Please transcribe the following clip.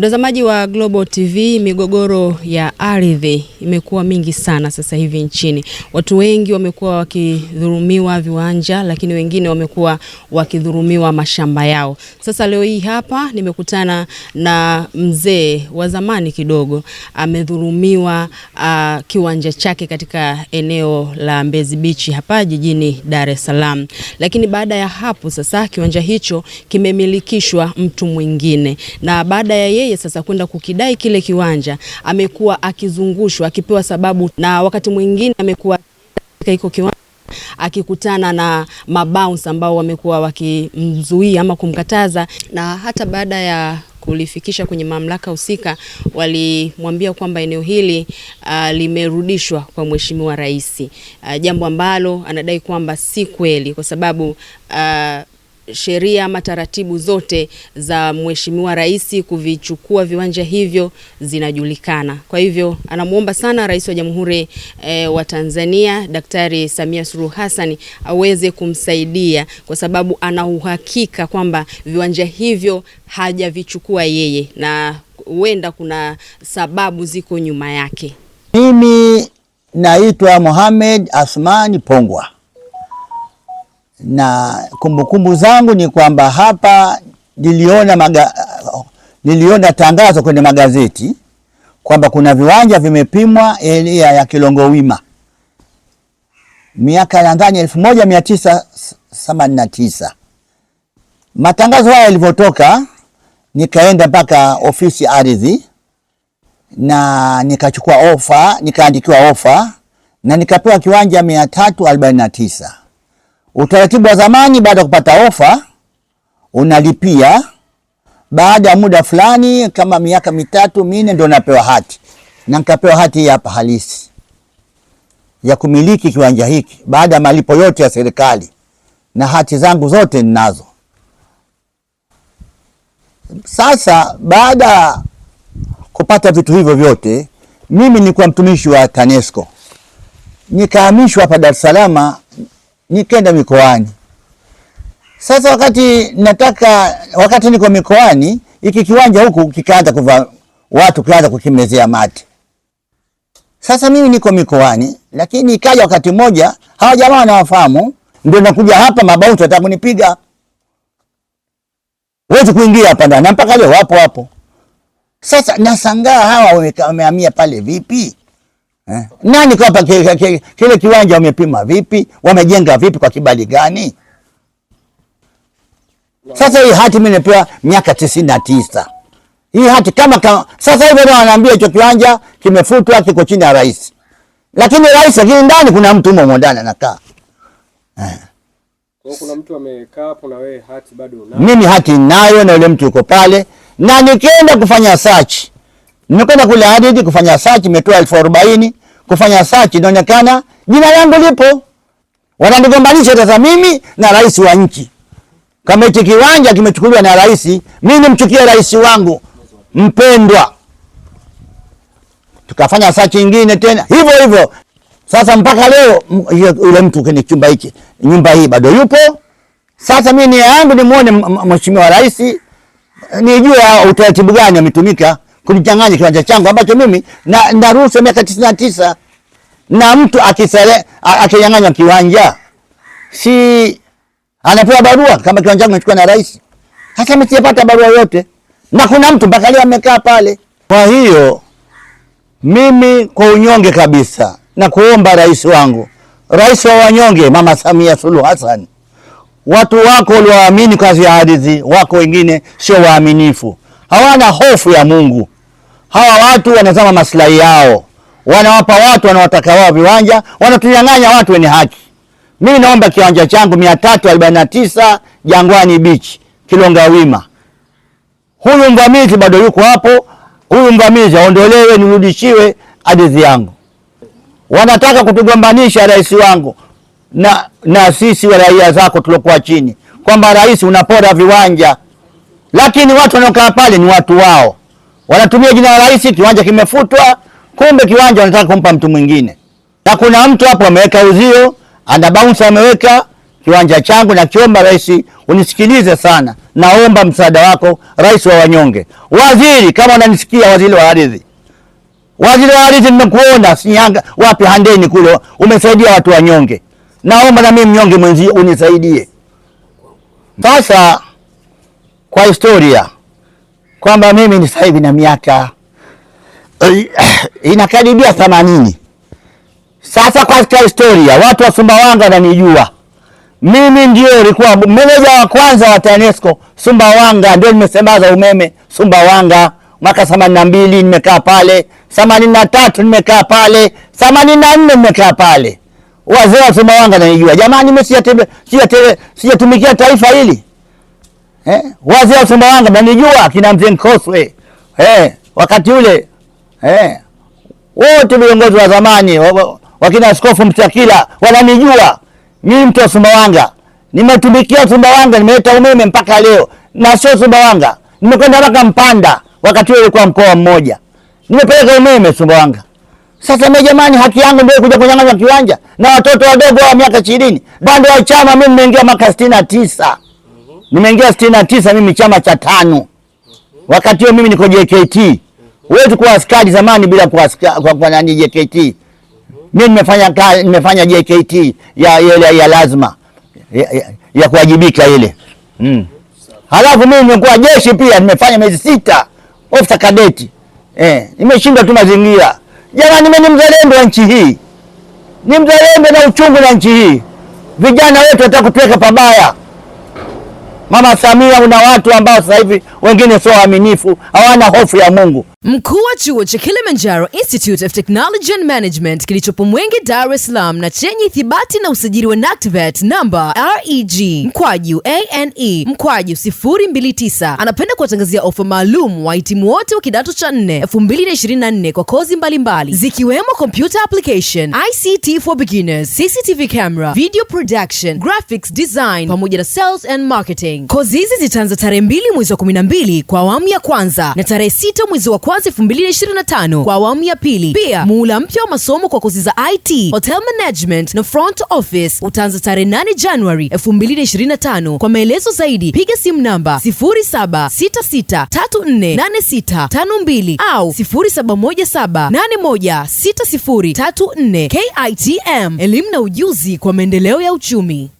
Mtazamaji wa Global TV, migogoro ya ardhi imekuwa mingi sana sasa hivi nchini. Watu wengi wamekuwa wakidhulumiwa viwanja, lakini wengine wamekuwa wakidhulumiwa mashamba yao. Sasa leo hii hapa nimekutana na mzee wa zamani kidogo, amedhulumiwa uh, ah, kiwanja chake katika eneo la Mbezi Beach hapa jijini Dar es Salaam, lakini baada ya hapo sasa kiwanja hicho kimemilikishwa mtu mwingine na baada ya yeye yeye sasa kwenda kukidai kile kiwanja amekuwa akizungushwa akipewa sababu, na wakati mwingine amekuwa iko kiwanja akikutana na mabounce ambao wamekuwa wakimzuia ama kumkataza, na hata baada ya kulifikisha kwenye mamlaka husika walimwambia kwamba eneo hili uh, limerudishwa kwa Mheshimiwa Rais, uh, jambo ambalo anadai kwamba si kweli kwa sababu uh, sheria ama taratibu zote za Mheshimiwa Rais kuvichukua viwanja hivyo zinajulikana. Kwa hivyo anamwomba sana Rais wa Jamhuri e, wa Tanzania Daktari Samia Suluhu Hassan aweze kumsaidia kwa sababu ana uhakika kwamba viwanja hivyo hajavichukua yeye na huenda kuna sababu ziko nyuma yake. Mimi naitwa Mohamed Asmani Pongwa na kumbukumbu zangu ni kwamba hapa niliona maga, niliona tangazo kwenye magazeti kwamba kuna viwanja vimepimwa eneo ya Kilongowima miaka nadhani elfu moja mia tisa themanini na tisa. Matangazo haya yalivyotoka, nikaenda mpaka ofisi ardhi na nikachukua ofa, nikaandikiwa ofa na nikapewa kiwanja mia tatu arobaini na tisa Utaratibu wa zamani, baada ya kupata ofa unalipia, baada ya muda fulani kama miaka mitatu minne, ndio napewa hati, na nikapewa hati hapa halisi ya kumiliki kiwanja hiki baada ya malipo yote ya serikali, na hati zangu zote ninazo. Sasa baada kupata vitu hivyo vyote, mimi nilikuwa mtumishi wa TANESCO nikahamishwa hapa Dar es Salaam nikenda mikoani. Sasa wakati nataka, wakati niko mikoani, iki kiwanja huku kikaanza kuva watu kaanza kukimezea mate. Sasa mimi niko mikoani, lakini ikaja wakati mmoja, hawa jamaa wanawafahamu, ndio nakuja hapa, mabauti wataka kunipiga, wezi kuingia hapa ndani, mpaka leo wapo hapo. Sasa nasangaa hawa wamehamia pale vipi? Eh? Nani kawapa kile kiwanja? Wamepima vipi? Wamejenga vipi? Kwa kibali gani? Sasa hii hati mimi nimepewa miaka tisini na tisa. Hii hati kama, kama sasa hivi ndio wanaambia hicho kiwanja kimefutwa kiko chini ya rais. Lakini rais lakini ndani kuna mtu mmoja ndani anakaa. Eh. Kwa kuna mtu amekaa hapo na wewe hati bado unayo. Mimi hati nayo na yule mtu yuko pale na nikienda kufanya search. Nimekwenda kule hadi kufanya search imetoa elfu arobaini kufanya search, inaonekana jina langu lipo. Wananigombanisha sasa mimi na rais wa nchi, kama hichi kiwanja kimechukuliwa na rais, mimi nimchukie rais wangu mpendwa. Tukafanya search nyingine tena hivyo hivyo. Sasa mpaka leo yule mtu kwenye chumba hiki, nyumba hii bado yupo. Sasa mimi nia yangu nimuone mheshimiwa rais, nijue utaratibu gani umetumika kunichanganya kiwanja changu ambacho mimi na naruhusu miaka tisini na tisa na mtu akisale akinyang'anywa kiwanja si anapewa barua kama kiwanja kimechukua na rais. Sasa msipata barua yote, na kuna mtu mpaka leo amekaa pale. Kwa hiyo mimi kwa unyonge kabisa na kuomba rais wangu, rais wa wanyonge, Mama Samia Suluhu Hassan, watu wako walioamini kazi ya ardhi, wako wengine sio waaminifu, hawana hofu ya Mungu. Hawa watu wanazama maslahi yao wanawapa watu wanawataka wao viwanja, wanatunyang'anya watu wenye haki. Mimi naomba kiwanja changu mia tatu arobaini na tisa Jangwani Beach Kilonga Wima. Huyu mvamizi bado yuko hapo, huyu mvamizi aondolewe, nirudishiwe ardhi yangu. Wanataka kutugombanisha rais wangu na, na sisi wa raia zako tulokuwa chini, kwamba rais unapora viwanja, lakini watu wanaokaa pale ni watu wao, wanatumia jina la rais, kiwanja kimefutwa kumbe kiwanja wanataka kumpa mtu mwingine, na kuna mtu hapo ameweka uzio, ana bouncer ameweka kiwanja changu. Nakiomba rais, unisikilize sana, naomba msaada wako, rais wa wanyonge. Waziri kama unanisikia, waziri wa ardhi, waziri wa ardhi, nimekuona Shinyanga wapi, Handeni kule, umesaidia watu wanyonge, naomba na mimi mnyonge mwenzi unisaidie. Sasa kwa historia kwamba mimi ni sasa hivi na miaka inakaribia themanini. Sasa katika historia watu wa Sumbawanga wananijua mimi, ndio nilikuwa meneja wa kwanza wa TANESCO Sumbawanga, ndio nimesambaza umeme Sumbawanga mwaka themanini na mbili nimekaa pale, themanini na tatu nimekaa pale, themanini na nne nimekaa pale. Wazee wa Sumbawanga wananijua jamani, mimi sijatumikia taifa hili eh? Wazee wa Sumbawanga wananijua kina mzee Nkoswe eh, wakati ule eh, wote viongozi wa zamani wakina Askofu Mtakila wananijua mimi, mtu wa Sumbawanga, nimetumikia Sumbawanga, nimeleta umeme mpaka leo, na sio Sumbawanga, nimekwenda mpaka Mpanda, wakati huo ulikuwa mkoa mmoja, nimepeleka umeme Sumbawanga. Sasa mimi jamani, haki yangu ndio kuja kunyang'anywa kiwanja na watoto wadogo wa miaka 20 Dande wa chama mimi nimeingia mwaka 69 na nimeingia 69 mimi chama cha tano, wakati huo mimi niko JKT. Huwezi kuwa askari zamani bila kuwa nani JKT. Mimi nimefanya nimefanya JKT ya ile ya lazima ya, ya, ya kuwajibika ile mm. Halafu mimi nimekuwa jeshi pia, nimefanya miezi sita ofisa cadet. eh, nimeshinda tu mazingira. Jamani, mimi ni mzalendo wa nchi hii, ni mzalendo na uchungu na nchi hii. Vijana wetu wataka kutuweka pabaya. Mama Samia, una watu ambao sasa hivi wengine sio waaminifu, hawana hofu ya Mungu. Mkuu wa chuo cha Kilimanjaro Institute of Technology and Management kilichopo Mwenge, Dar es Salaam na chenye ithibati na usajili wa NACTVET namba reg mkwaju ane mkwaju 029 anapenda kuwatangazia ofa maalum wahitimu wote wa kidato cha 4 2024 kwa kozi mbalimbali zikiwemo computer application, ICT for beginners, CCTV camera, video production, graphics design pamoja na sales and marketing. Kozi hizi zitaanza tarehe 2 mwezi wa 12 mbili kwa awamu ya kwanza na tarehe sita mwezi wa kwanza tano kwa awamu ya pili. Pia muula mpya wa masomo kwa kozi za IT, hotel management na front office utaanza tarehe 8 Januari tano. Kwa maelezo zaidi piga simu namba mbili au nne. KITM, elimu na ujuzi kwa maendeleo ya uchumi.